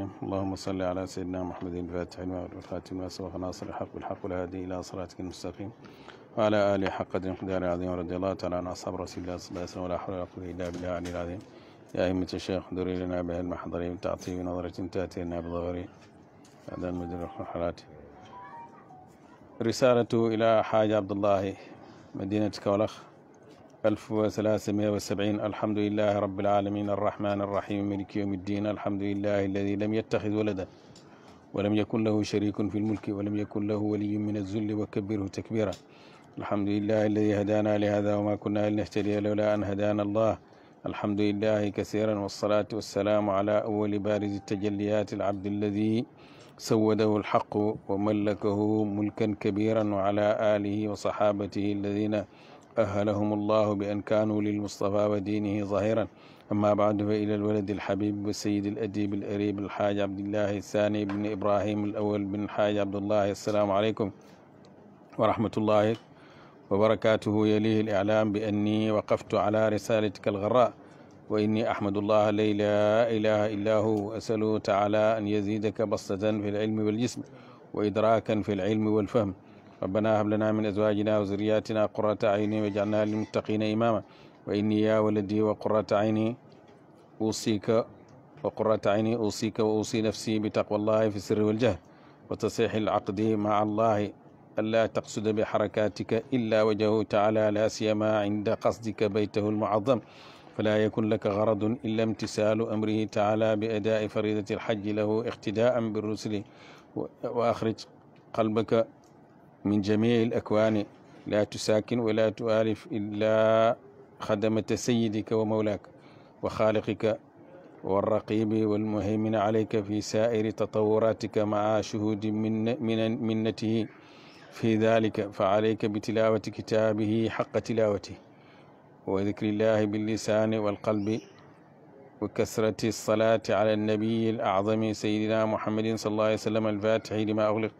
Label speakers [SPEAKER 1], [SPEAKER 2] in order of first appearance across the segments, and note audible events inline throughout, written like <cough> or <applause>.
[SPEAKER 1] الرحيم اللهم صل على سيدنا محمد الفاتح والخاتم وسوف ناصر الحق بالحق والهادي إلى صراطك المستقيم وعلى آله حق قدر مقدار العظيم رضي الله تعالى عن أصحاب رسول الله صلى الله عليه وسلم ولا حول ولا قوة إلا بالله العلي العظيم يا أئمة الشيخ انظر إلينا بها المحضر تعطي بنظرة تأتي لنا بظهر هذا المدير الحرات رسالة إلى حاج عبد الله مدينة كولخ ألف وثلاثمائة وسبعين الحمد لله رب العالمين الرحمن الرحيم ملك يوم الدين الحمد لله الذي لم يتخذ ولدا ولم يكن له شريك في الملك ولم يكن له ولي من الذل وكبره تكبيرا الحمد لله الذي هدانا لهذا وما كنا لنهتدي لولا أن هدانا الله الحمد لله كثيرا والصلاة والسلام على أول بارز التجليات العبد الذي سوده الحق وملكه ملكا كبيرا وعلى آله وصحابته الذين أهلهم الله بأن كانوا للمصطفى ودينه ظاهرا أما بعد فإلى الولد الحبيب والسيد الأديب الأريب الحاج عبد الله الثاني بن إبراهيم الأول بن الحاج عبد الله السلام عليكم ورحمة الله وبركاته يليه الإعلام بأني وقفت على رسالتك الغراء وإني أحمد الله الذي لا إله إلا هو أسأله تعالى أن يزيدك بسطة في العلم والجسم وإدراكا في العلم والفهم ربنا هب لنا من أزواجنا وذرياتنا قرة أعين واجعلنا للمتقين إماما وإني يا ولدي وقرة عيني أوصيك وقرة عيني أوصيك وأوصي نفسي بتقوى الله في السر والجهر وتصحيح العقد مع الله ألا تقصد بحركاتك إلا وجهه تعالى لا سيما عند قصدك بيته المعظم فلا يكن لك غرض إلا امتثال أمره تعالى بأداء فريضة الحج له اقتداء بالرسل وأخرج قلبك min jamii al-akwaani laa tusaakin wa laa tu'aalif illaa xadamata sayyidika wa mawlaaka wa xaaliqika والرقيب والمهيمن عليك في سائر تطوراتك مع شهود من من منته في ذلك فعليك بتلاوة كتابه حق تلاوته وذكر الله باللسان والقلب وكثرة الصلاة على النبي الأعظم سيدنا محمد صلى الله عليه وسلم الفاتح لما أغلق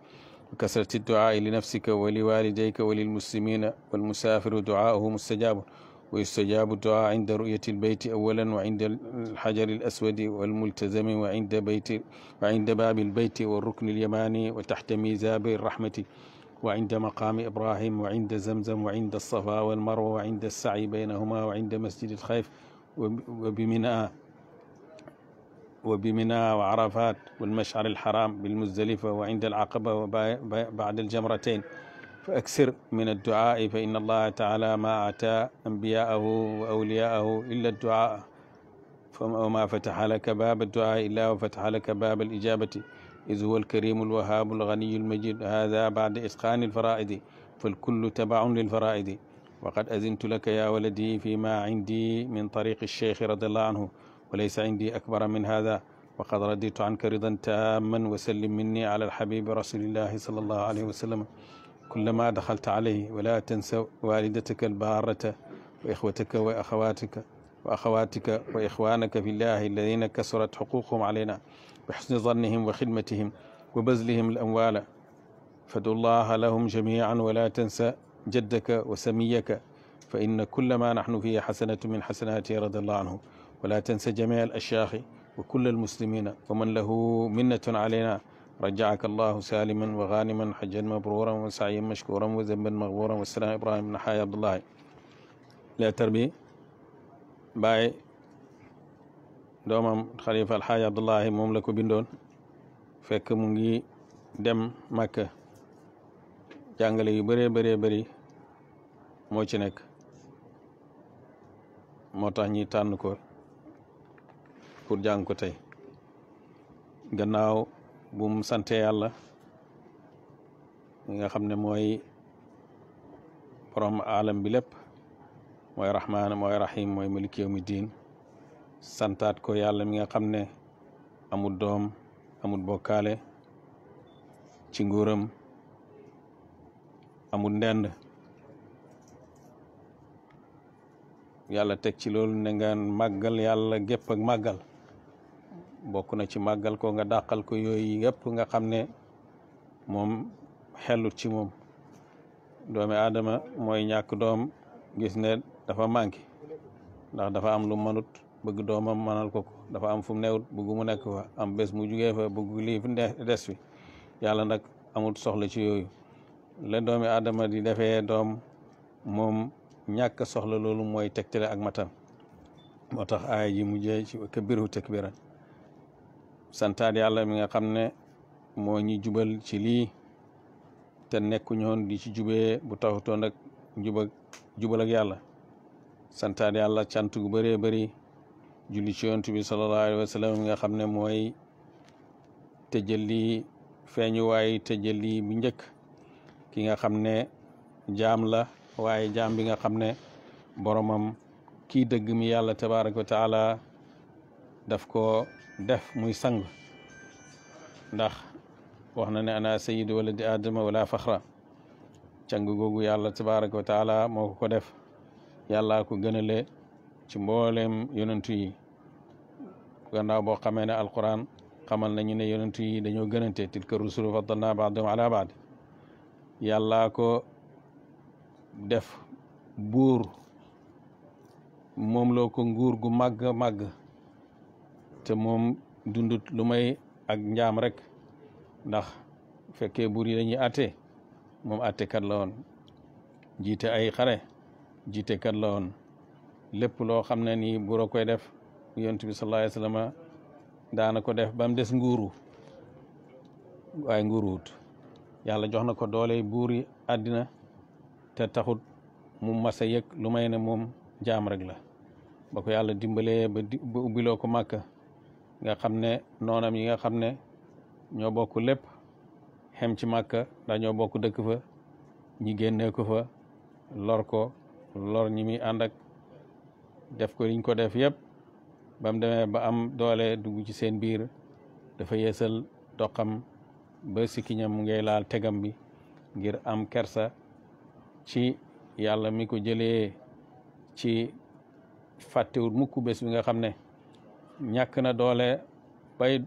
[SPEAKER 1] وكثرة الدعاء لنفسك ولوالديك وللمسلمين والمسافر دعاؤه مستجاب ويستجاب الدعاء عند رؤية البيت أولا وعند الحجر الأسود والملتزم وعند بيت وعند باب البيت والركن اليماني وتحت ميزاب الرحمة وعند مقام إبراهيم وعند زمزم وعند الصفا والمروة وعند السعي بينهما وعند مسجد الخيف وبمنى وبمنى وعرفات والمشعر الحرام بالمزدلفة وعند العقبة وبعد الجمرتين فأكثر من الدعاء فإن الله تعالى ما أعطى أنبياءه وأولياءه إلا الدعاء وما فتح لك باب الدعاء إلا وفتح لك باب الإجابة إذ هو الكريم الوهاب الغني المجيد هذا بعد إتقان الفرائض فالكل تبع للفرائض وقد أذنت لك يا ولدي فيما عندي من طريق الشيخ رضي الله عنه walaysa indi akbara min hada wa qad raditu anka ridan taamman wa sallim minni ala alxabibi rasulillahi sallallahu alayhi wa sallam kullama daxalta alayhi wala tansa walidataka albaarata wa ixwataka wa axawatika wa axawatika wa ixwanaka fillahi alladina kasurat xuququhum alayna bi xusni zannihim wa xidmatihim wa bazlihim alamwala fadu llaha lahum jamian wala tansa jaddaka wa samiyaka fa inna kulla ma naxnu fihi xasanatu min xasanati radi allahu anhu ولا تنس جميع الأشياخ وكل المسلمين ومن له منة علينا رجعك الله سالما وغانما حجا مبرورا وسعيا مشكورا وذنبا مغفورا والسلام إبراهيم بن حي عبد الله لا تربي باي doomam xalifa alxaaji abdullahi moom la ko bindoon fekk mu ngi dem màkka jàngale yu bëree bëree bëri moo ci nekk moo tax ñi tànn ko pour jàng ko tey gannaaw bum sante yàlla mu nga xam ne mooy borom alam bi lépp mooy rahmaan mooy rahim mooy malik yawmi santaat ko yàlla mi nga xam ne amul doom amul bokkaale ci nguuram amul ndend yàlla teg ci loolu ne nga màggal yàlla gépp ak màggal bokk na ci màggal ko nga dàqal ko yooyu yëpp nga xam ne moom xellut ci moom doomi aadama mooy ñàkk doom gis ne dafa manqué ndax dafa am lu mënut bëgg dooma mënal ko ko dafa am fu mu newut bëgg mu nekk fa am bés mu jugee fa bëgg lii des fi yàlla nag amul soxla ci yooyu le doomi aadama di defee doom moom ñàkk soxla loolu mooy tegtale ak matam moo tax aaya ji mujjee ci tek takbiran santaat yàlla mi nga xam ne moo ñi jubal ci lii te nekku ñoon ci jubee bu taxutoon ak jubak jubal ak yàlla santaat yàlla cant gu bëree bëri julli ci yonent bi sallallahu alayhi mi nga xam ne mooy tëjëli feeñu waaye tëjëli bu njëkk ki nga xam ne jaam la waaye jaam bi nga xam ne boromam kii dëgg mi yàlla tabaraka wa taala daf ko def muy sang ndax wax na ne ana sayyidu waladi adama wala faxra càng googu yàlla tabaraka wa taala moo ko ko def yàlla ko gënale ci mbooleem yonentu yi gannaaw boo xamee ne alquran xamal nañu ne yonentu yi dañoo gënante tilka rusulu faddalna baadum ala baad yàlla ko def buur moom loo ko nguur gu màgg màgg te moom dundut lu may ak njaam rek ndax fekkee buur yi dañuy atte moom attekat la woon jiite ay xare jiitekat la woon lépp loo xam ne nii buur koy def yonent bi daana ko def ba mu des nguuru waaye nguuruwut yàlla jox na ko doole buur yi àddina te taxut mu masa yëg lu may ne moom jaam rek la ba ko yàlla dimbalee ba ubbiloo ko màkka nga xam ne noonam yi nga xam ne ñoo bokk lépp xem ci màkka ndax ñoo bokk dëkk fa ñi génnee ko fa lor ko lor ñi muy ànd def ko liñ ko def yëpp ba demee ba am doole dugg ci seen biir dafa yeesal doxam ba sikkiñam mu ngay laal tegam bi ngir am kersa ci yàlla mi ko jëlee ci fàttewut mukk bés bi nga xam ne ñàkk na doole bay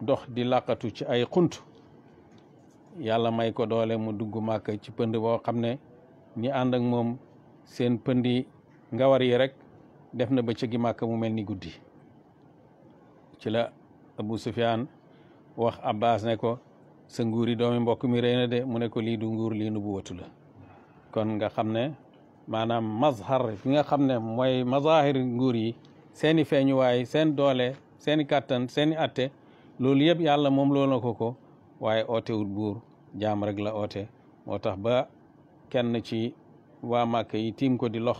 [SPEAKER 1] dox di lakkatu ci ay xunt yàlla may ko doole mu dugg màkk ci pënd boo xam ne ñi ànd ak moom seen pëndi ngawar yi rek def na ba bëccëgi màkk mu mel ni guddi ci la Abu Sufyaan wax Abbas ne ko sa nguuri doomi mbokk mi rëy na de mu ne ko lii du nguur lii nu bu watu la kon nga xam ne maanaam mazhar fi nga xam ne mooy mazahir nguur yi seeni i feeñuwaay seen doole seeni i kàttan seen atte loolu yëpp yàlla moom loo na ko ko waaye oote wut buur jaam rek la oote moo tax ba kenn ci waa màkk yi tiim ko di lox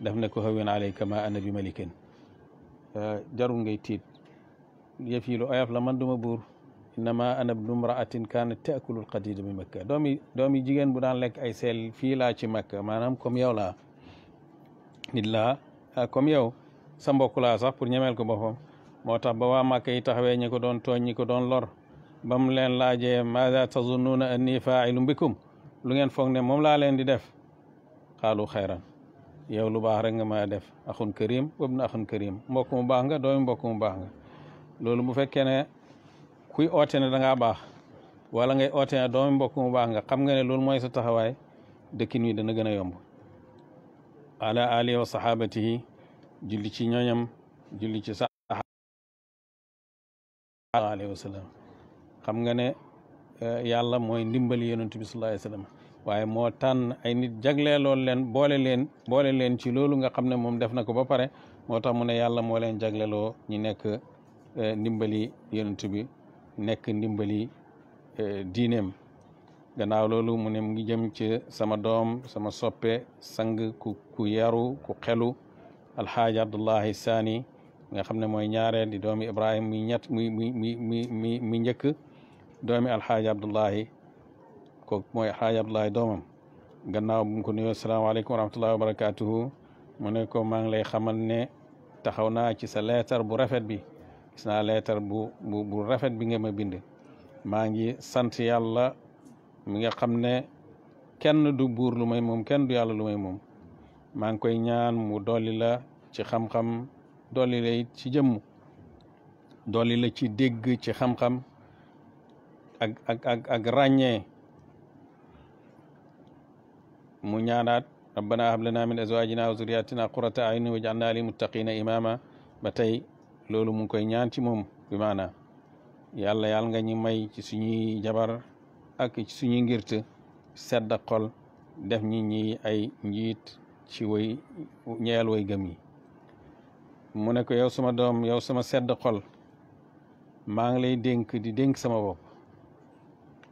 [SPEAKER 1] def na ko hawin alayka ma ana bi malikin jarul ngay tiit yëf yi la man duma buur innama ana ibnu imra'atin kaanat ta'kulu al-qadid bi makka doomi doomi jigéen bu daan lekk ay seel fii laa ci makka maanaam comme yow laa nit laa ah, comme yow sa mbokk laa sax pour ñemeel ko boppam moo tax ba waa màkk yi taxawee ñi ko doon tooñ ñi ko doon lor ba mu leen laajee maada tazunnuuna anni faa'ilun bikum lu lu ngeen foog ne moom laa leen di def xaalu xayran yow lu baax rek nga ma def axun karim wabnu axun karim mbokk mu baax nga doomi mbokk mu baax nga loolu bu fekkee ne kuy oote ne baax wala ngay oote ne doomi mbokk nga xam nga ne loolu mooy sa taxawaay dëkkin wi dana gën a yomb ala alihi wa sahabatihi julli ci ñooñam julli ci saxaaba alayhi xam nga ne eh, yàlla mooy ndimbali yonent bi sallallahu alayhi waaye moo tànn ay nit jagleeloon leen boole leen boole leen ci loolu nga xam ne moom def na ko ba pare moo tax mu ne yàlla moo leen jagleeloo ñi nekk eh, ndimbali yonent bi nekk ndimbali eh, diinem gannaaw loolu mu ne mu ngi jëm ci sama doom sama soppe sang ku ku yaru ku xelu alxaaji abdullahi saani nga xam ne mooy ñaareel di doomi ibrahima muy ñett muy muy muy muy muy njëkk doomi alxaaji abdullahi ko mooy alxaaji abdullahi doomam gannaaw bu mu ko nuyoo salaamaaleykum wa rahmatullahi wa barakatuhu mu ne ko maa ngi lay xamal ne taxaw naa ci sa leetar bu rafet bi gis naa leetar bu rafet bi nga ma bind maa ngi sant yàlla mi nga xam ne kenn du buur lu may moom kenn du yàlla lu may moom maa ngi koy ñaan mu dolli la ci xam-xam dolli la ci jëmm dolli la ci dégg ci xam-xam ak ak ak ak ràññee mu ñaanaat rabbana hab lana min azwajina wa zurriyatina qurrata a'yunin waj'alna lil muttaqina imama ba tey loolu mu ngi koy ñaan ci moom bi maanaam yàlla yàlla nga ñi may ci suñuy jabar ak ci suñuy ngirt sedd xol def ñi ñi ay njiit ci way ñeel way gëm mu nekk ko yow sama doom yow sama sedd xol maa ngi lay dénk di dénk sama bopp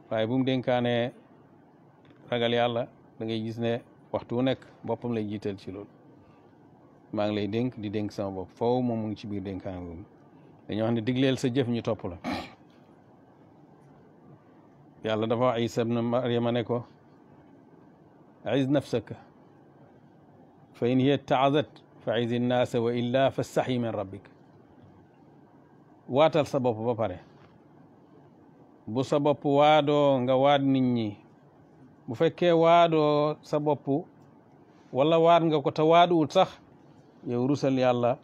[SPEAKER 1] waaye bu mu dénkaanee ragal yàlla da ngay gis ne waxtu wu nekk boppam lay jiital ci lool maa ngi lay dénk di dénk sama bopp foofu moom mu ngi ci biir dénkaan boobu dañoo xam ne digleel sa jëf ñu topp la yàlla dafa wax Isa ibn ne ko iz nafsaka fa in a taazat fa izi nnaasa wa illa fastaxyi min rabbik waatal sa bopp ba pare bu sa bopp waadoo nga waat nit ñi bu fekkee waadoo sa bopp wala waat nga ko te waaduwut sax yow rusal yàlla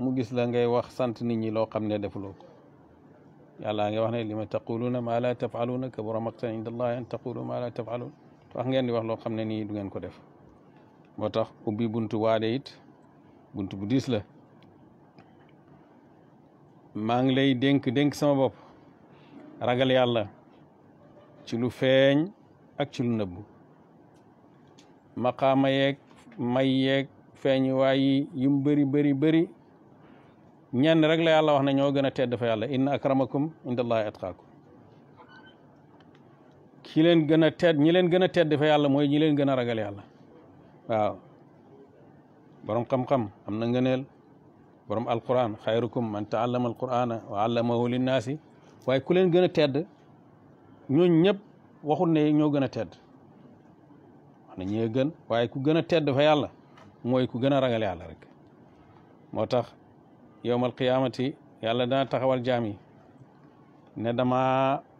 [SPEAKER 1] mu gis la ngay wax sant nit ñi loo xam ne defuloo ko yàlla nga wax ne lima taquluuna maa laa tafaluuna kabura maqtan inda allahi an taqulu maa laa tafaluun wax ngeen di wax loo xam ne nii du ngeen ko def moo tax ubbi buntu waane it bunt bu diis la maa ngi lay dénk dénk sama bopp ragal yàlla ci lu feeñ ak ci lu nëbbu maqaama yeeg may yeeg feeñ waay yum bëri bëri bëri ñenn rek la yàlla wax ne ñoo gën a tedd fa yàlla inna akramakum indallahi atqaakum ki leen gën a tedd ñi leen gën a tedd fa yàlla mooy ñi leen gën a ragal yàlla waaw borom xam-xam am na ngëneel borom alquran xayrukum man taallama alqurana wa allamahu linnaasi waaye ku leen gën a tedd ñooñ ñëpp waxul ne ñoo gën a tedd wax na ñee gën waaye ku gën a tedd fa yàlla mooy ku gën a ragal yàlla rek moo tax yowmal qiyaamati yàlla dana taxawal jaam yi ne dama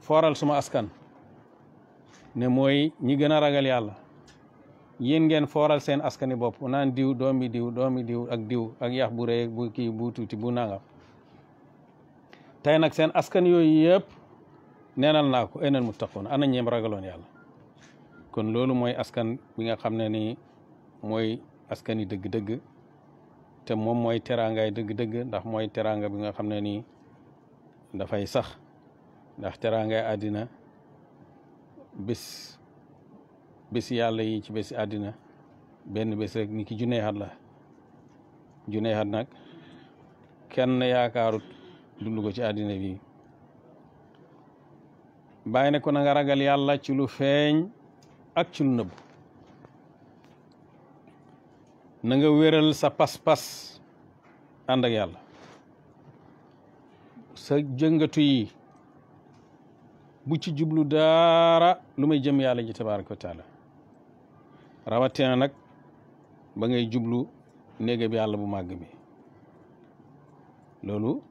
[SPEAKER 1] fooral suma askan ne mooy ñi gën a ragal yàlla yéen ngeen fooral seen askani bopp naan diw doomi diw doomi diw ak diw ak yax bu rëy bu kii bu tuuti bu nangam tey nag seen askan yooyu yëpp neenal naa ko enal muttaqoon ana ñeem ragaloon yàlla kon loolu mooy askan bi nga xam ne nii mooy askan yi dëgg-dëgg te moom mooy teraangaay dëgg-dëgg ndax mooy teraanga bi nga xam ne nii dafay sax ndax teraangaay àddina bis bési yàlla yi ci bési àddina benn bés rek ni ki junne at la junne at nag kenn yaakaaru dund ci àddina bi bay ne ko na nga ragal yàlla ci lu feeñ ak ci lu nëbb na nga wéral sa pas-pas ànd ak yàlla sa jëngatu yi bu ci jublu daara lu may jëm yàlla ji tabaraka wa rawatina nag ba ngay jublu néega bi yàlla bu màgg bi loolu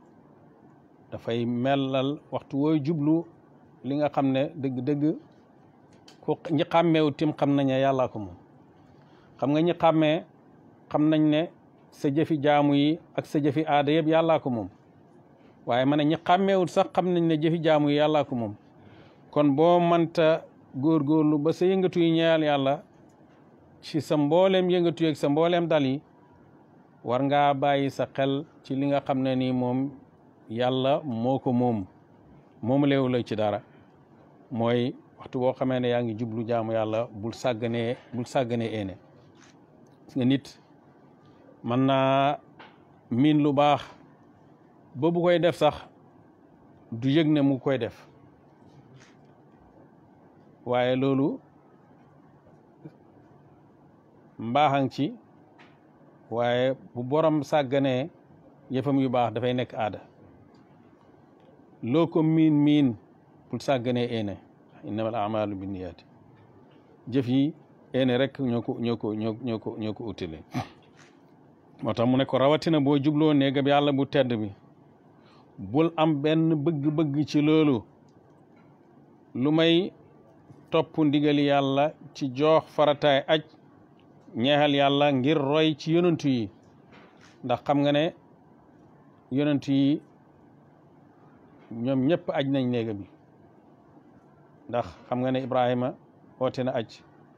[SPEAKER 1] dafay melal waxtu wooy jublu li nga xam ne dëgg-dëgg ko ñi xàmmeewu tim xam nañ ne yàllaa ko moom xam nga ñi xàmmee xam nañ ne sa jëfi jaamu yi ak sa jëfi aada yëpp yàlla ko moom waaye ma ne ñi sax xam nañ ne jëfi jaamu yi yàllaa ko moom kon boo mënta góorgóorlu ba sa yëngatu yi ñeyal yàlla ci sa mbooleem yëngatu yeeg sa mbooleem dal war ngaa bàyyi sa xel ci li nga xam ne nii moom yàlla moo ko moom moomu léewu la ci dara mooy waxtu boo xamee ne yaa ngi jublu jaamu yàlla bul sàgganee bul sàgganee eene gis nga nit mën naa miin lu baax ba bu koy def sax du yëg ne mu koy def waaye loolu mbaaxang ci waaye bu borom sàgganee yëfam yu baax dafay nekk aada loo ko miin miin bul sàgganee eene innamal amalu binniyaati jëf yi eene rek ñoo ko moo tax mu ne rawatina boo jubloo néegam yàlla bu tedd bi bul am benn bëgg-bëgg ci loolu lu may topp ndigali yàlla ci joox farataay aj ñeexal yàlla ngir roy ci yonentu yi ndax xam nga ne yonentu yi ñoom ñëpp aj na néega bi ndax xam nga ne ibrahima oote na aj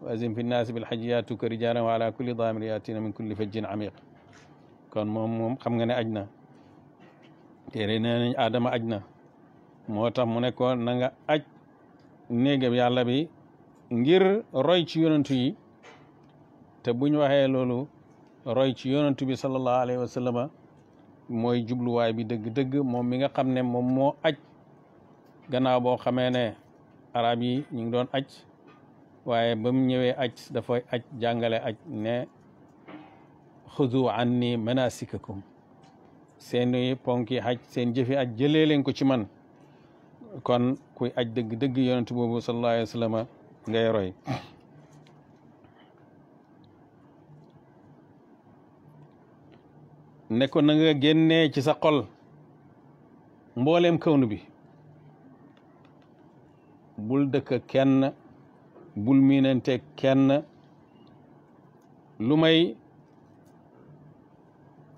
[SPEAKER 1] wa azim fi nnaasi bil hajji yaatuka rijaalan wa ala kulli daamir yaatina min kulli fajjin amiq kon moom xam nga ne aj na téere nee nañ aadama aj na moo tax mu ne ko na nga aj néegam yàlla bi ngir roy ci yonentu yi te buñ waxee loolu roy ci yonantu bi sallallahu alayhi wa sallama mooy jubluwaay bi dëgg-dëgg moom mi nga xam ne moom moo aj gannaaw boo xamee ne arab yi ñu ngi doon aj waaye ba mu ñëwee aj dafay aj jàngale aj ne xudu anni manasikakum seeni ponki aj seen jëfi aj jëlee leen ko ci man kon kuy aj dëgg-dëgg yonantu boobu sallallahu alayhi ngay roy ne ko na nga génnee ci sa xol mbooleem kawnu bi bul dëkk kenn bul miinante kenn lu may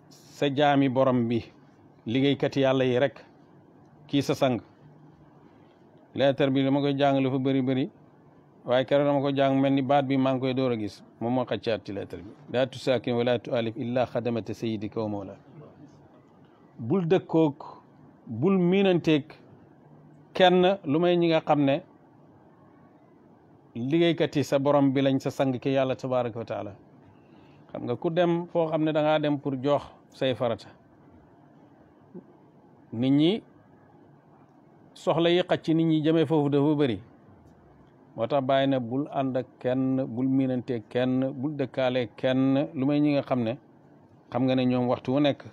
[SPEAKER 1] sa jaami borom bi liggéeykat yàlla yi rekk kii sa sang leetar bi dama koy jàngale fa bari bari waaye keroog dama ko jàng mel ni baat bi maa ngi koy door a gis moom moo xaccaat ci lettre bi laa tusaakin wala tu alif illa xadamata sayidika wa mawla bul bul miinanteeg kenn lu may ñi nga xam ne liggéeykat yi sa borom bi lañ sa sang ki yàlla tabaraka wa taala xam nga ku dem foo xam ne da dem pour jox say farata nit ñi soxla yi xacc nit ñi jëmee foofu dafa bari moo tax bàyyi ne bul ànd ak kenn bul miinante kenn bul dëkkaale kenn lu may ñi nga xam ne xam nga ne ñoom waxtu wu nekk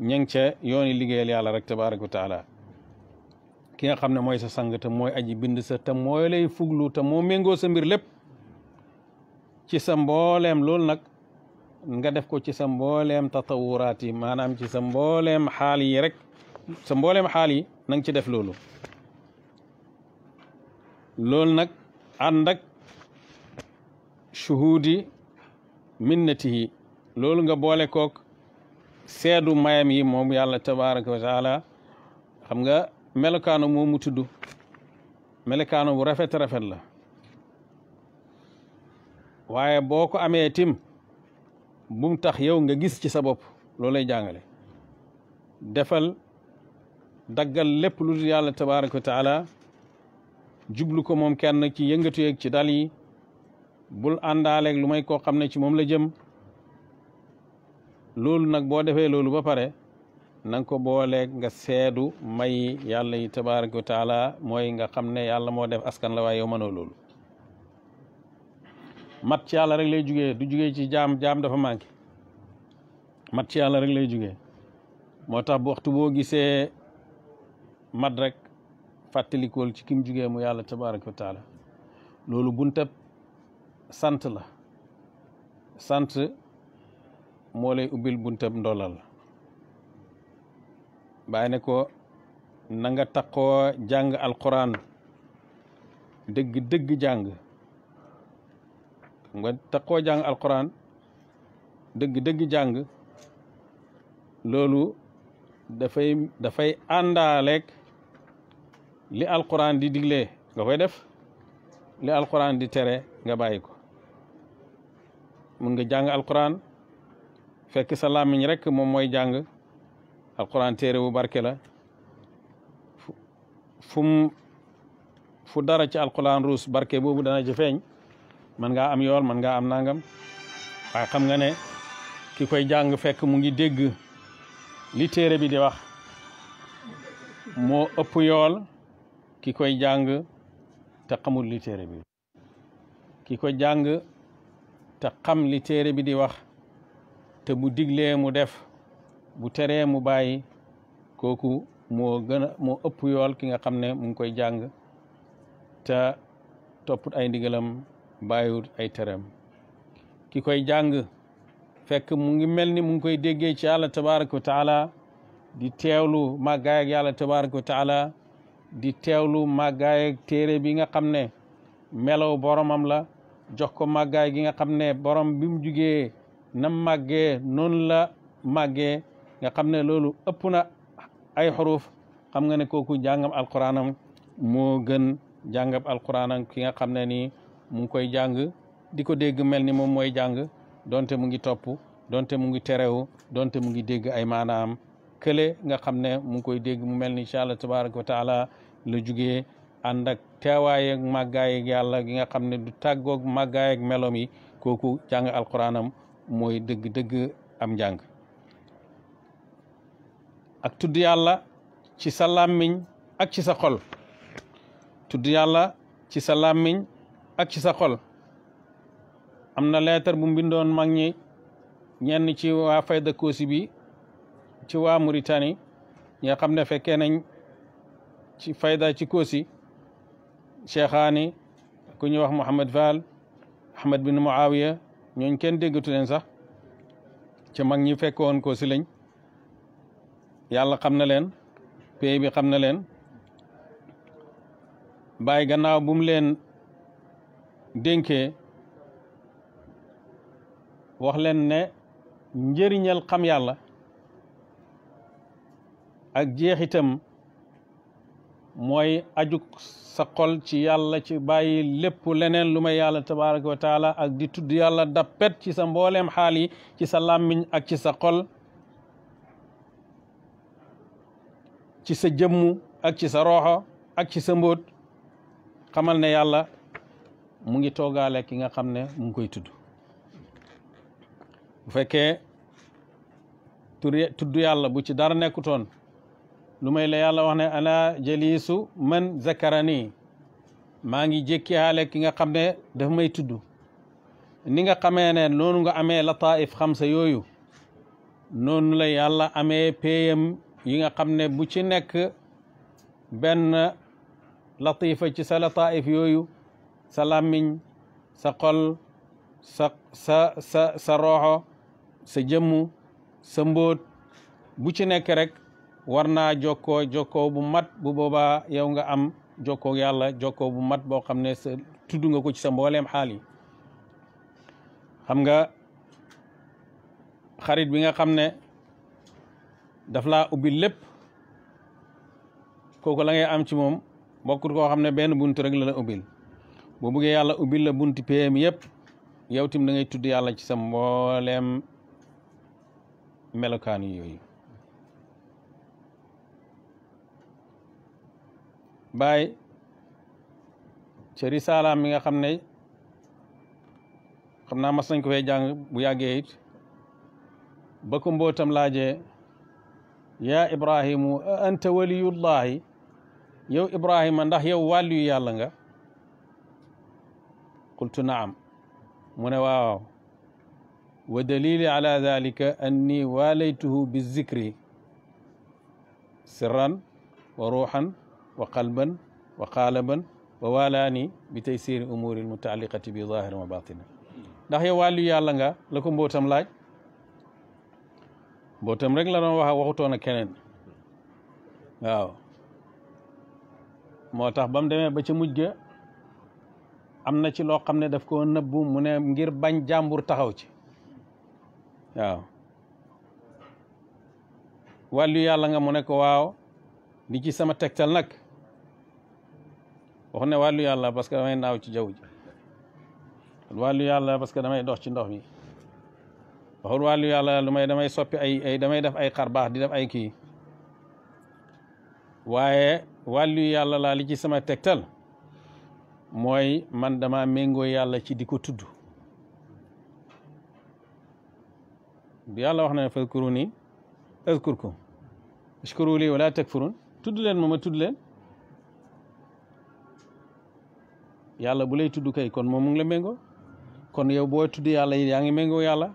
[SPEAKER 1] ña ngi ca yooni liggéeyal yàlla rek tabaaraka wa taala ki nga xam ne mooy sa sang te mooy aji bind sa te mooy lay fuglu te moo méngoo sa mbir lépp ci sa mbooleem loolu nag nga def ko ci sa mbooleem tatawuraat yi maanaam ci sa mbooleem xaal yi rek sa mbooleem xaal yi ci def loolu loolu nag ànd ak shuhuudi minnatihi loolu nga boole kook seedu mayam yi moom yàlla tabaraka wa taala xam nga melokaano moo mu tudd melokaano bu rafet rafet la waaye boo ko amee tim bum tax yow nga gis ci sa bopp loolay jàngale defal daggal lépp lu yàlla tabaraka wa jublu ko moom kenn ci yëngatu yeeg ci dal yi bul àndaaleeg lu may koo xam ne ci moom la jëm loolu nag boo defee loolu ba pare na nga ko booleeg nga seedu may yàlla yi tabaraka wa taala mooy nga xam ne yàlla moo def askan la waaye yow loolu mat ci yàlla rek lay jugee du jugee ci jaam jaam dafa manqué mat ci yàlla rek lay jugee moo tax bu waxtu boo gisee mat rek fàttalikool ci kim jugee mu yàlla tabaraka wa taala loolu buntab sant la sant moo lay ubbil buntab ndolal bàyyi ne ko nanga nga taqoo jàng alquran dëgg dëgg jàng nga taqoo jàng alquran dëgg dëgg jàng loolu dafay dafay àndaaleeg li alquran di diglee nga koy def li alquran di tere nga bàyyi ko mun nga jàng alquran fekk sa làmmiñ rek moom mooy jàng alquran téere bu barke la fu fu dara ci alquran ruus barke boobu dana ci feeñ mën ngaa am yool mën ngaa am nangam waaye xam nga ne ki koy jàng fekk mu ngi dégg li téere bi di wax moo ëpp yool ki koy jàng te xamul li téere bi ki ko jàng te xam li téere bi di wax te bu digle mu def bu tere mu bàyyi kooku moo gën a ëpp yool ki nga xam ne mu ngi koy jàng te topput ay ndigalam bàyyiwut ay tereem ki koy jàng fekk mu ngi mel ni mu ngi koy déggee ci yàlla tabaraka wa di teewlu màggaay ak yàlla tabaraka wa di teewlu màggaay ak bi nga xam ne melow boromam la jox ko màggaay gi nga xam ne borom bi mu jugee nam màggee noonu la màggee nga xam ne loolu ëpp na ay xuruf xam nga ne kooku jàngam alquranam mu gën jàngab alquranam ki nga xam ne nii mu ngi koy jàng di ko dégg mel ni moom mooy jàng donte mu ngi topp donte mu ngi terewu donte mu ngi dégg ay maanaam kële nga xam ne mu ngi koy dégg mu mel ni incha allah tabaraka wa taala la jugee ànd ak teewaay ak màggaay ak yàlla gi nga xam ne du tàggoog màggaay ak melom yi kooku jàng alquranam mooy dëgg am njàng ak tudd yàlla ci sa làmmiñ ak ci sa xol tudd yàlla ci sa làmmiñ ak ci sa xol am na leetar bu mbindoon mag ñi ñenn ci waa fayda koosi ci waa Mauritanie ñi nga xam ne fekkee nañ ci fayda ci Kossy Cheikhani ku ñuy wax mu Mouhamed Fall Ahmed bin Muawiya ñooñ kenn déggatu leen sax ci mag ñi fekkoon Kossy lañ yàlla xam na leen pays bi xam na leen bàyyi gannaaw bu leen dénkee wax leen ne njëriñal xam yàlla ak jeexitam mooy aju sa xol ci yàlla ci bàyyi lépp leneen lu may yàlla tabaraka wa ak di tudd yàlla dappet ci sa mbooleem xaal ci sa làmmiñ ak ci sa xol ci sa jëmm ak ci sa roxo ak ci sa mboot xamal ne yàlla mu ngi toogaale ki nga xam ne mu ngi koy tudd bu fekkee tudd yàlla bu ci dara nekkutoon lu may la yàlla wax ne ana jalisu man zakarani maa ngi jékki xaale ki nga xam ne daf may tudd ni nga xamee ne noonu nga amee lataif sa yooyu noonu la yàlla amee péyam yi nga xam ne bu ci nekk benn latifa ci sa lataif yooyu sa làmmiñ sa xol sa sa sa sa roxo sa jëmm sa mbóot bu ci nekk rek war naa jokkoo jokkoo bu mat bu boobaa yow nga am jokkoo yàlla jokkoo bu mat boo xam ne sa tudd nga ko ci sa mbooleem xaal xam nga xarit bi nga xam ne daf la ubbil lépp kooku la ngay am ci moom bokkut ko xam ne benn bunt rek la la ubbil boo bëggee yàlla ubbil la bunti PM yëpp yow tim da ngay tudd yàlla ci sa mbooleem melokaanu yooyu bàyyi ci risaalaam mi nga xam ne xam naa mas nañ ko fee jàng bu yàggee it ba ko mbootam laajee yaa ibrahimu a anta waliyullahi yow ibrahima ndax yow wàllu yu yàlla nga qultu naam mu ne waaw wa dalili ala dalika anni waalaytuhu bi zikri sirran wa ruuxan wa qalban wa qaalaban wa waalaani bi taysiri umuuri mutaalliqati bi zahirin wa batina ndax yow wàllu yàlla nga la ko mbootam laaj mbootam rek la doon wax waxutoon ak keneen waaw moo tax ba mu ba ca mujj ga am na ci loo xam ne def koo nëbbu mu ne ngir bañ jàmbur taxaw ci waaw wàllu yàlla nga mu ne ko waaw li ci sama tegtal nag waxu ne wàllu yàlla parce que damay naaw ci jaww ji wàllu yàlla parce que damay dox ci ndox mi waxul wàllu yàlla lu may damay soppi ay ay damay def ay xar di def ay kii waaye wàllu yàlla laali li ci sama tegtal mooy man dama méngoo yàlla ci di ko tudd yàlla wax na ne fazkuruni azkurkum ashkuru li wala takfurun tudd leen ma ma tudd leen yàlla bu lay tudd kay kon moom mu ngi la méngoo kon yow boo tudd yàlla yi yaa ngi méngoo yàlla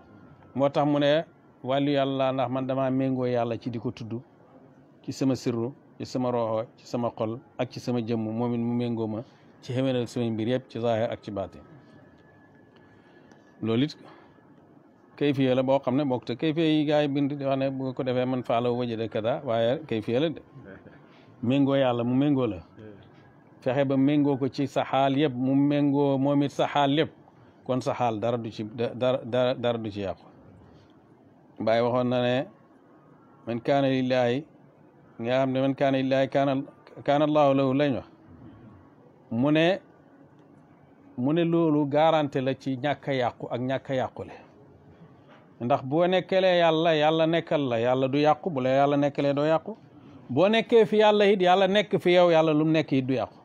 [SPEAKER 1] moo tax mu ne wàllu yàlla ndax man damaa méngoo yàlla ci di ko tudd ci sama sirru ci sama roxo ci sama xol ak ci sama jëmm moom mu méngoo ma ci xewenal samay mbir yëpp ci zaahir ak ci baate loolu it kayfiya la boo xam ne bokk te kayfiya yi gars yi bind di wax ne bu ko defee man faala wajëde kada waaye kayfiya la de <laughs> méngoo yàlla mu méngoo la fexe ba méngoo ko ci sa xaal yëpp mu méngoo moom it sa xaal lépp kon sa xaal dara du ci dara dara du ci yàqu Baay waxoon na ne man kaana lillaahi nga xam ne man kaana lillaahi kaana kaana allaahu lahu lañ wax mu ne mu ne loolu garanti la ci ñàkk a yàqu ak ñàkk a yàqule ndax boo nekkalee yàlla yàlla nekkal la yàlla du yàqu bu la yàlla nekkalee doo yàqu boo nekkee fi yàlla it yàlla nekk fi yow yàlla lu mu nekk it du yàqu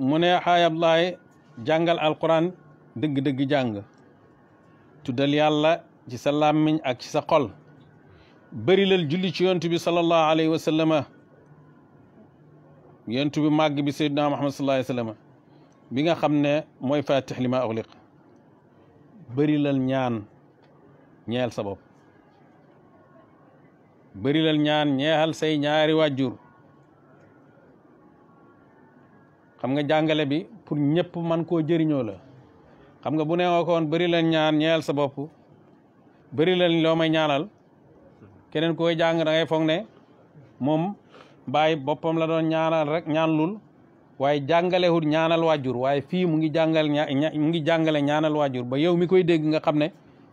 [SPEAKER 1] mu ne xaayab laay jàngal alquran dëgg-dëgg jàng tuddal yàlla ci sa làmmiñ ak ci sa xol bërilal julli ci yontu bi sallallahu alayhi wa sallama bi màgg bi sayyidina muhammad sallallahu alayhi bi nga xam ne mooy fatix li ma ugliq bërilal ñaan ñeel sa bopp bërilal ñaan ñeexal say ñaari wàjjur xam nga jàngale bi pour ñëpp man koo jëriñoo la xam nga bu neewoo ko woon bëri leen ñaan ñeel sa bopp bëri leen loo may ñaanal keneen koy jàng da foog ne moom bàyyi boppam la doon ñaanal rek ñaanlul waaye jàngalewul ñaanal waajur waaye fii mu ngi jàngale ñaanal waajur ba yow mi koy dégg nga xam ne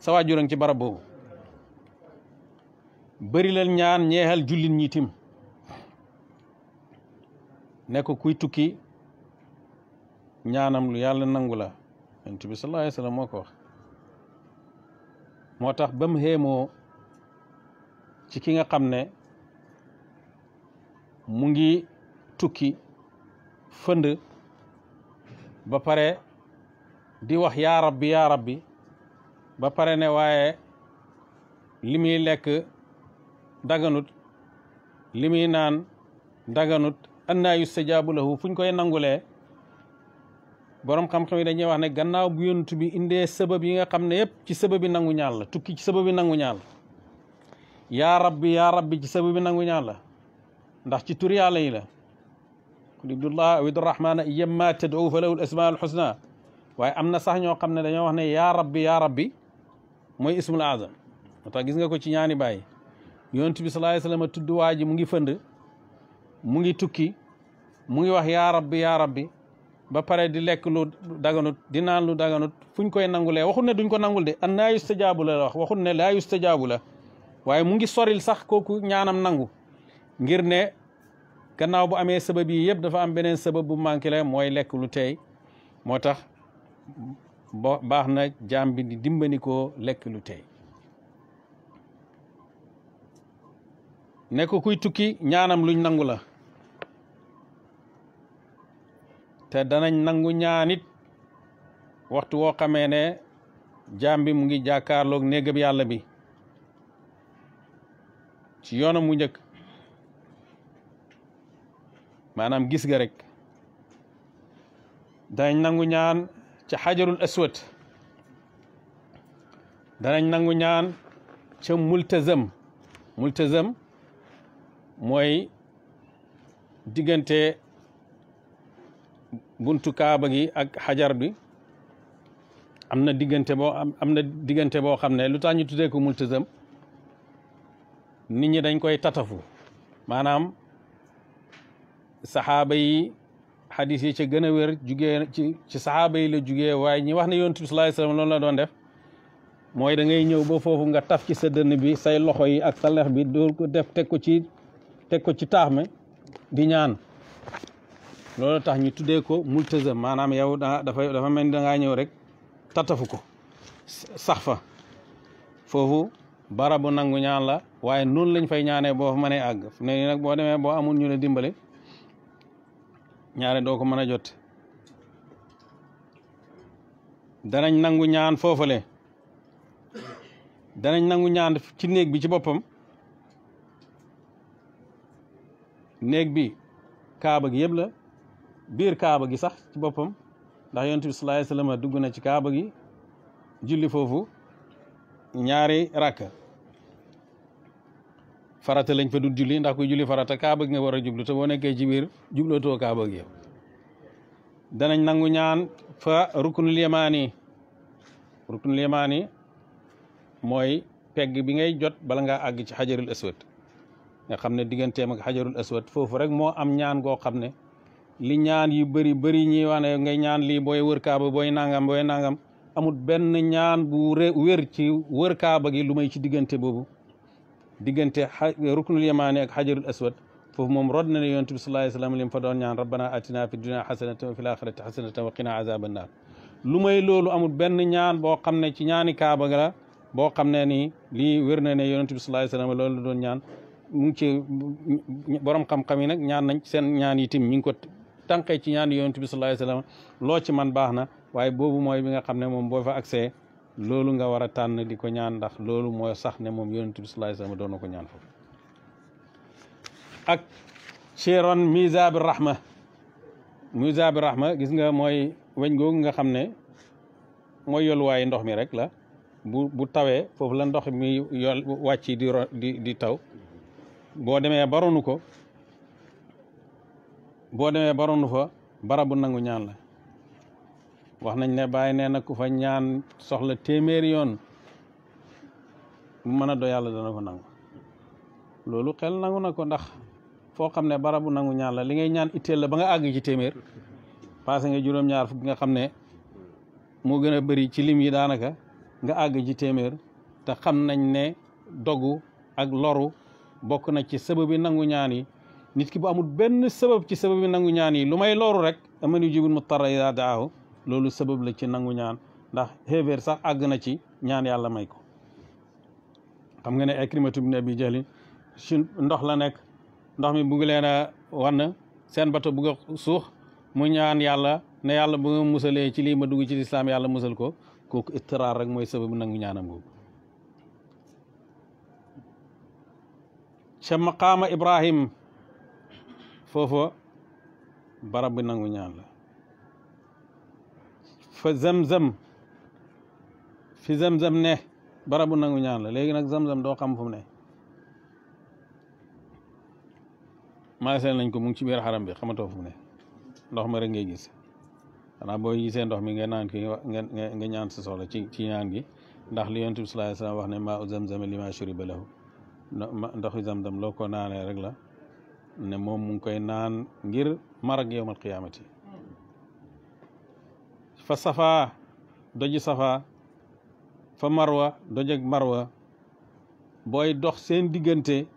[SPEAKER 1] sa waajur a ngi ci barab boobu bëri leen ñaan ñeexal jullit ñi tim ne kuy tukki ñaanam lu yàlla nangu la yonent bi moo ko wax moo tax bam mu xéemoo ci ki nga xam ne mu ngi tukki fënd ba pare di wax yaa rabbi yaa rabbi ba pare ne waaye li muy lekk daganut li muy naan daganut annaa yustajaabu lahu fu fuñ koy nangulee borom xam-xam yi dañuy wax ne gannaaw bu yonent bi indee sabab yi nga xam ne yëpp ci sabab bi nangu ñaan la tukki ci sabab bi nangu ñaan la yaa rabbi yaa rabbi ci sabab bi nangu ñaan la ndax ci tur yàlla yi la qul ibdullah aw idrahmana iyamma tad'u fa lahu l asmaa al xusna waaye am na sax ñoo xam ne dañoo wax ne yaa rabbi yaa rabbi mooy ismul azam moo tax gis nga ko ci ñaani bàyyi yonent bi sallallahu alayhi tudd waa ji mu ngi fënd mu ngi tukki mu ngi wax yaa rabbi rabbi ba pare di lekk lu daganut di naan lu daganut fuñ koy nangulee waxut ne duñ ko nangul de an naa yustajaabu la wax waxut ne laa yustajaabu la waaye mu ngi soril sax kooku ñaanam nangu ngir ne gannaaw bu amee sabab yi yëpp dafa am beneen sabab bu manqué la mooy lekk lu tey moo tax baax na jaam bi di dimbali ko lekk lu tey ne ko kuy tukki ñaanam luñ nangu la te danañ nangu ñaanit waxtu woo xamee ne jaam bi mu ngi jàkkaarloog néegam yàlla bi ci yoonam mu njëkk maanaam gis ga rek danañ nangu ñaan ca xajarul aswad danañ nangu ñaan ca multazam multazam mooy diggante buntu kaaba gi ak xajar bi am na diggante boo am na diggante boo xam ne lu tax ñu tuddee ko multazam nit ñi dañ koy tatafu maanaam saxaaba yi xadis yi ca gën a wér jugee ci ci saxaaba yi la jugee waaye ñi wax ne yonent bi sallallahu alayhi loolu la doon def mooy da ngay ñëw ba foofu nga taf ci sa dënn bi say loxo yi ak sa lex bi dool ko def teg ko ci teg ko ci taax mi di ñaan loolu tax ñu tuddee ko multazam maanaam yow da dafa dafa mel ni da ñëw rek tatafu ko sax fa foofu barabu nangu ñaan la waaye noonu lañ fay ñaanee boo fa mënee àgg ne ni nag boo demee boo amul ñu ne dimbale ñaare doo ko mën jot danañ nangu ñaan foofale danañ nangu ñaan ci néeg bi ci boppam néeg bi kaaba gi yëpp la biir kaaba gi sax ci boppam ndax yonent bi sallallahu alayhi wasallam dugg na ci kaaba gi julli foofu ñaari rakk farata lañ fa dul julli ndax kuy julli farata kaaba gi nga war a jublu te boo nekkee ci biir jublootoo kaaba gi danañ nangu ñaan fa ruknul yamaani mooy pegg bi ngay jot bala nga àgg ci xajarul aswad nga xam ne digganteem ak xajarul aswad foofu rek moo am ñaan goo xam ne li ñaan yu bëri bëri ñi wane ngay ñaan lii boy wër kaaba booy nangam booy nangam amul benn ñaan bu wér ci wër kaaba gi lu may ci diggante boobu diggante ruknul yamaani ak xajarul aswad foofu moom rod na ne yonent bi sallallahu alayhi li mu fa doon ñaan rabbana atina fi dunya xasanatan wa fil axirati xasanatan wa qina azaban naar lu may loolu amul benn ñaan boo xam ne ci ñaani kaaba ga la boo xam ne nii lii wér na ne yonent bi sallallahu alayhi wa sallam loolu doon ñaan mu ci borom xam-xam yi nag ñaan nañ seen ñaan yi tànqee ci ñaan yonent bi sallallahu alayhi loo ci man baax na waaye boobu mooy bi nga xam ne moom boo fa accès loolu nga war a tànn di ko ñaan ndax loolu mooy sax ne moom yonent bi sallallahu alayhi wa sallam doon na ko ñaan foofu ak cheron misa bi rahma misa bi rahma gis nga mooy weñ googu nga xam ne mooy yolluwaayu ndox mi rek la bu bu tawee foofu la ndox mi yol wàcc di di di taw boo demee baronu ko boo demee baronu fa barabu nangu ñaan la wax nañ ne bàyyi nee na ku fa ñaan soxla téeméeri yoon mu mën a do yàlla dana ko nangu loolu xel nangu na ko ndax foo xam ne barabu nangu ñaan la li ngay ñaan itteel la ba nga àgg ci téeméer passé nga juróom-ñaar fukk nga xam ne moo gën a bëri ci lim yi daanaka nga àgg ji téeméer te xam nañ ne dogu ak loru bokk na ci sababi nangu ñaan yi nit ki bu amul benn sabab ci sabab yi nangu ñaan yi lu may looru rek aman yujibul mutarra ida daahu loolu sabab la ci nangu ñaan ndax xéeféer sax àgg na ci ñaan yàlla may ko xam nga ne Ikrimatu bin Abi Jahlin si ndox la nekk ndox mi bugg leen a wann seen bato bugg a suux mu ñaan yàlla na yàlla bu nga musalee ci lii ma dugg ci lislaam yàlla musal ko kooku ittiraar rek mooy sababu nangu ñaanam googu ca maqaama Ibrahim foofa barab bi nangu ñaan la fa zam-zam fi zam-zam ne barab nangu ñaan la léegi nag zam-zam doo xam fu ne maasee nañ ko mu ngi ci biir xaram bi xamatoo fu mu ne ndox ma rek ngay gis xanaa boo gisee ndox mi nga naan ki nga ñaan sa soxla ci ci ñaan gi ndax li yonent bi sallallahu alayhi wasallam wax ne maa u zam-zam li ma shuriba lahu ndoxu zam-zam loo ko naanee rek la ne moom mu koy naan ngir marag yowmal qiyaamati fa safaa doji safaa fa marwa doj marwa booy dox seen diggante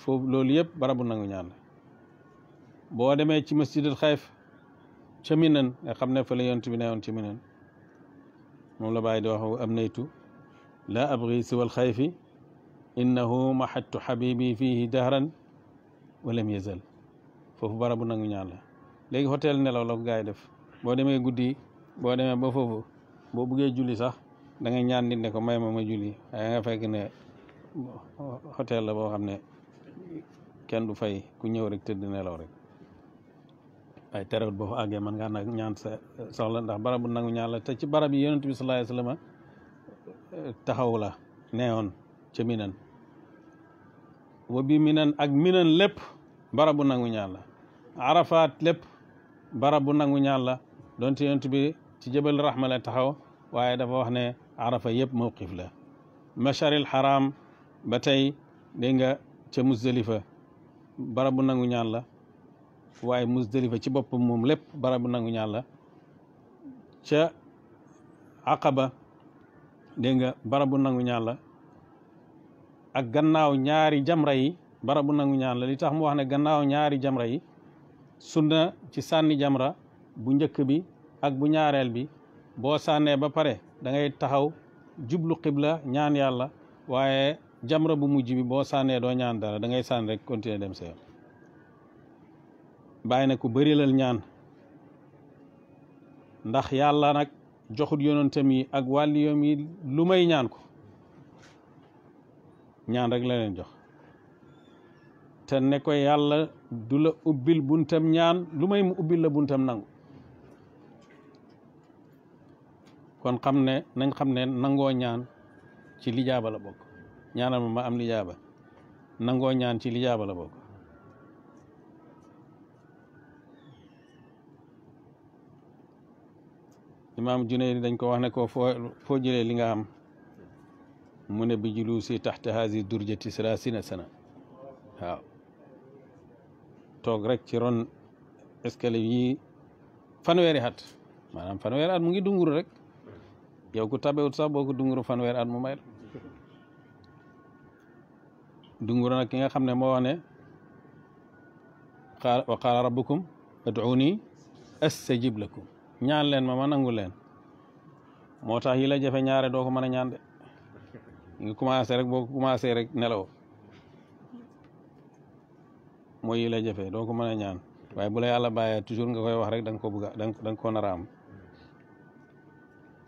[SPEAKER 1] foofu loolu yëpp barabu nangu ñaan boo demee ci masjidul xayf ca minan xam ne fa la yonent bi ne woon ci minan moom la bàyyi di wax am naytu laa abri siwal xayfi innahu mahattu habibi fihi dahran walam yazal foofu barabu nangu ñaan la léegi hôtel nelaw la ko gars yi def boo demee guddi boo demee ba foofu boo buggee julli sax da ñaan nit ko may ma ma julli waaye nga fekk ne hôtel la boo xam ne kenn du fay ku ñëw rek tëdd nelaw rek waaye terewut boo fa àggee man ngaa ñaan soxla ndax barabu nangu ñaan la te ci barab yi yonent bi sallallahu alayhi wa sallam eh, taxaw la neewoon wa bi minan ak minan lépp barabu nangu ñaan la arafaat lépp barabu nangu ñaan la donte yonent bi ci jëbal rahma la taxaw waaye dafa wax ne arafa yëpp mawqif la masharil haram ba tey dégg nga ca musdalifa barabu nangu ñaan la waaye musdalifa ci boppam moom lépp barabu nangu ñaan la ca aqaba dégg nga barabu nangu ñaan la ak gannaaw ñaari jamra yi barabu nangu ñaan la li tax mu wax ne gannaaw ñaari jamra yi sunna ci sànni jamra bu njëkk bi ak bu ñaareel bi boo sànnee ba pare dangay taxaw jublu xibla ñaan yàlla waaye jamra bu mujj bi boo sànnee doo ñaan dara da ngay sànni rek continuer dem see bàyyi na ku bërilal ñaan ndax yàlla nag joxut yonentam yi ak wàlliyoom yi lu may ñaan ko ñaan rek la jox te ne ko yàlla du la ubbil buntam ñaan lu may ubbil la buntam nangu kon xam ne nañ xam ne nangoo ñaan ci lijaaba la bokk ñaanal ma am lijaaba nangoo ñaan ci lijaaba la bokk imaam Junayd dañ ko wax ne ko foo foo li nga am mu ne bi juluusi taxta haasi durjati salaasina sana waaw toog rek ci ron escalier yi fanweeri at maanaam fanweeri at mu ngi dunguru rek yow ku tabewut sax boo ko dunguru fanweeri at mu may dunguru nag ki nga xam ne moo wax ne wa qaala rabbukum ad'uuni astajib lakum ñaan leen ma ma nangu leen moo tax yi la ñaare doo ko mën a ñaan de ngi commencé rek boo commencé rek nelaw mooy yi lay jafe doo ko mën a ñaan waaye bu la yàlla bàyyee toujours nga koy wax rek da nga ko bëgg da ko nara am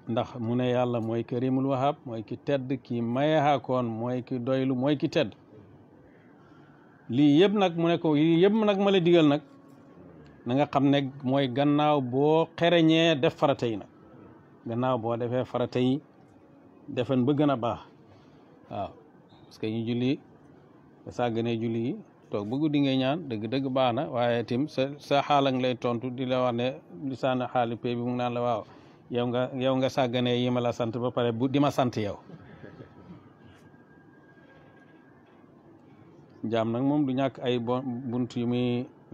[SPEAKER 1] ndax mu ne yàlla mooy karimul wahab mooy ki tedd ki mayeexaakoon mooy ki doylu mooy ki tedd lii yëpp nag mu ne ko lii yëpp nag ma la digal nag na nga xam ne mooy gannaaw boo xereñee def fara yi nag gannaaw boo defee farata yi defen ba gën a baax waaw parce que ñu julli nga sàgganee julli yi toog ba guddi ñaan dëgg dëgg baax na waaye tim sa sa xaalang lay tontu di la wax ne lisaan xaali pay bi naan la waw yow nga yow nga sàgganee yi ma la sant ba pare bu di ma sant yow jaam nag moom du ñàkk ay bunt yu muy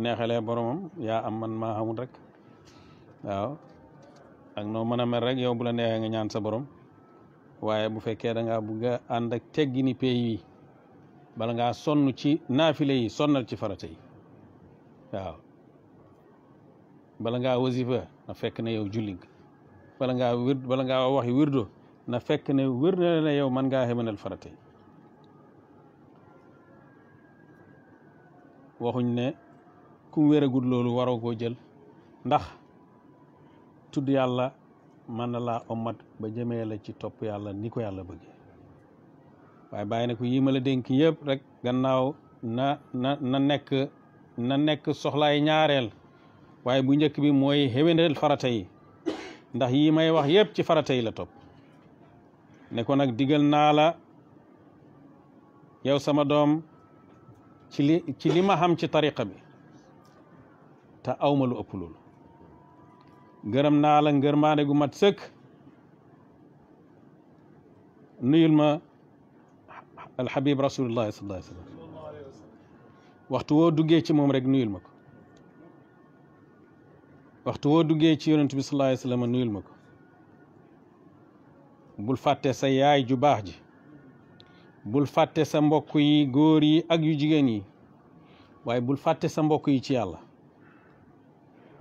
[SPEAKER 1] neexalee boromam yaa am man maa rek waaw ak noo mën a mel rek yow bu la neexee nga ñaan sa borom waaye bu fekkee danga ngaa bëgg a ànd ak teggini pays yi bala ngaa sonn ci naafile yi sonnal ci farata yi waaw bala ngaa wasifa na fekk ne yow julli bala ngaa wir bala ngaa waxi wirdo na fekk ne wér na ne yow mën ngaa xemanal farata yi waxuñ ne ku wéragut loolu waroo koo jël ndax tudd yàlla mën na laa omat ba jëmee la ci topp yàlla niko yàlla bëggee waaye bàyyi ne ko yii la dénk yépp rek gannaaw na nekk na nekk soxlaay ñaareel waaye bu njëkk bi mooy xéwénal farata ndax yii may wax yépp ci farata la topp ne ko nag digal naa la yow sama doom ci li ci li ma xam ci tariqa bi te awma lu ëpp loolu gërëm naa la ngërmaande gu mat sëkk nuyul ma alxabib rasulullahi sallallahu waxtu woo duggee ci moom rek nuyul ma ko waxtu woo duggee ci yonent bi sallallahu alayhi wasallam nuyul ma ko bul fàtte sa yaay ju baax ji bul fàtte sa mbokk yi góor ak yu jigéen yi waaye bul fàtte sa mbokk yi ci yàlla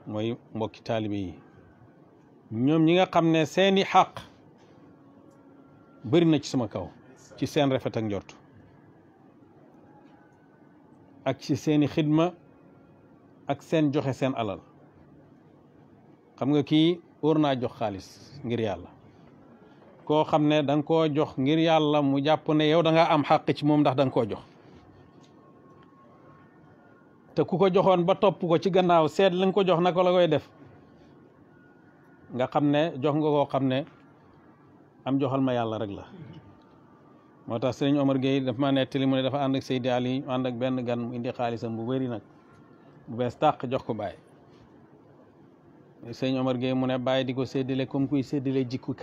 [SPEAKER 1] mooy mbokki taalibe yi ñoom ñi nga xam ne seeni xàq bëri na ci sama kaw ci seen rafet ak njort ak ci seeni xidma ak seen joxe seen alal xam nga kii óor naa jox xaalis ngir yàlla koo xam ne da ko jox ngir yàlla mu jàpp ne yow da nga am xàq ci moom ndax da nga koo jox te ku ko joxoon ba topp ko ci gannaaw seet la ko jox na ko la koy def nga xam ne jox nga koo xam ne am joxal ma yàlla rek la moo tax sëriñ Omar Gueye daf ma nettali mu ne dafa ànd ak Seydi Ali mu ànd benn gan mu indi xaalisam bu bëri nag bu bees tàq jox ko Baye sëriñ Omar Gueye mu ne Baye di ko séddale comme kuy séddale jikku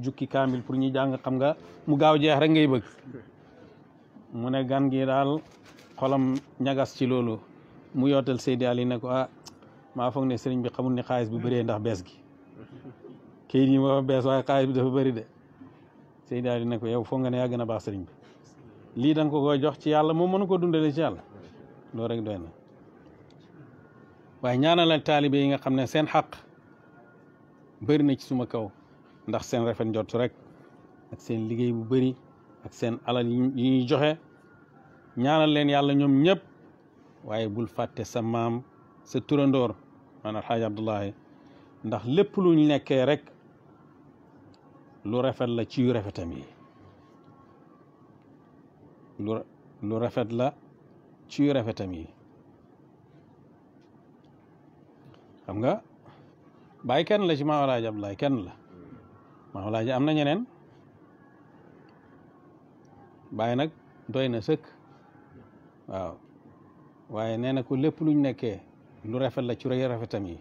[SPEAKER 1] jukki kaamil pour ñu jàng xam nga mu gaaw jeex rek ngay bëgg mu ne gan gi daal xolam ñagas ci loolu mu yootal Seydi Ali ne ko ah maa foog ne sëriñ bi xamul ni xaalis bu bëree ndax bees gi kayit yi moo bees waaye xaalis bi dafa bëri de sey daal di ne ko yow foog nga ne yaa gën a baax sëriñ bi lii da ko ko jox ci yàlla moom mënu ko dundale ci yàlla loolu rek doo na waaye ñaanalal taalibe yi nga xam ne seen xaq bari na ci suma kaw ndax seen rafet njott rek ak seen liggéey bu bari ak seen alal yi ñuy joxe ñaanal leen yàlla ñoom ñépp waaye bul fàtte sa maam sa turandoor maanaam xaaja abdullahi ndax lépp lu nekkee rek lu rafet la ci rafetam yi lu rafet la ci rafetam yi xam nga bàyyi kenn la ci Maam Alaaji Abdoulaye kenn la Maam Alaaji am na ñeneen bàyyi nag doy na sëkk waaw waaye nee na ko lépp luñ nekke lu rafet la ci rafetam yi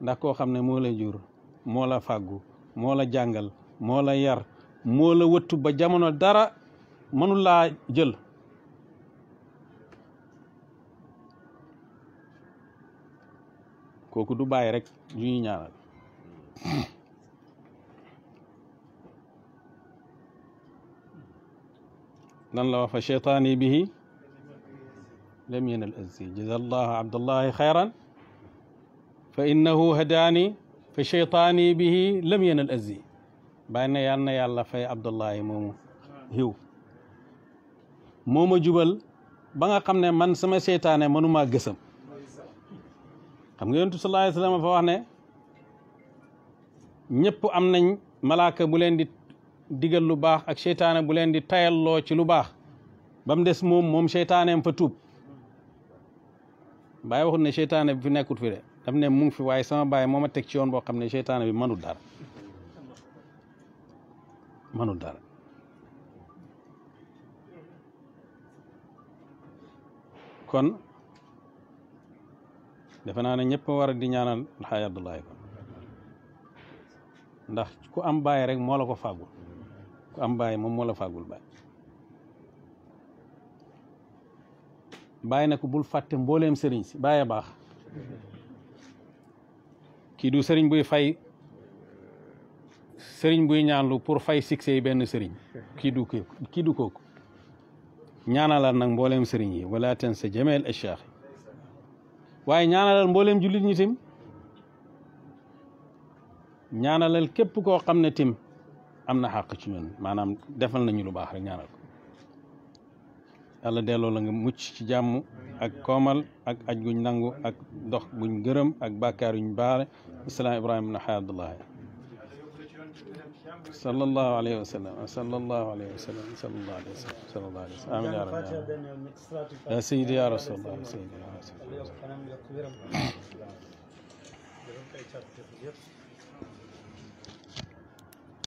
[SPEAKER 1] ndax koo xam ne moo la jur moo la fàggu moo la jàngal moo la yar moo la wëttu ba jamono dara mënu laa jël kooku du bàyyi rek ñu ñuy ñaanal nan la wax fa cheytaani bihi lam yenal azzi jaza allah abdallahi xayran fa innahu hadaani fa cheytaani bi lam yenal azzi bàyyi na yal na yàlla fay abdullahi moomu xiw moo ma jubal ba nga xam ne man sama seytaane mënumaa gësam xam nga yontu sallallahu alayhi wa fa wax ne ñëpp am nañ malaaka bu leen di digal lu baax ak seytaane bu leen di tayalloo ci lu baax bam mu des moom moom seytaaneem fa tuub bàyyi waxut ne seytaane fi nekkut fi de daf ne mu fi waaye sama baay moo ma teg ci yoon boo xam ne seytaane bi mënul dara mënul dara kon defe naa ne ñëpp war di ñaanal alxaaji Abdoulaye kon ndax ku am baay rek moola ko fàggul ku am baay moom moo la fàggul baay bàyyi na ko bul fàtte mbooleem sëriñ si bàyyi baax kii du sëriñ buy fay sëriñ buy ñaanlu pour fay sikse yi benn sëriñ kii du ko kii du kooku ñaanalal nag mbooleem sëriñ yi wala ten sa jameel acheikh waaye ñaanalal mbooleem jullit ñi tim ñaanalal képp koo xam ne tim am na xàq ci ñun maanaam defal nañu lu baax rek ñaanal yàlla delloo la nga mucc ci jàmm ak koomal ak aj guñ nangu ak dox guñ gërëm ak bàkkaar yuñ baare islam ibrahim na xay abdullahi sallallahu alayhi wa sallam sallallahu alayhi wa sallam sallallahu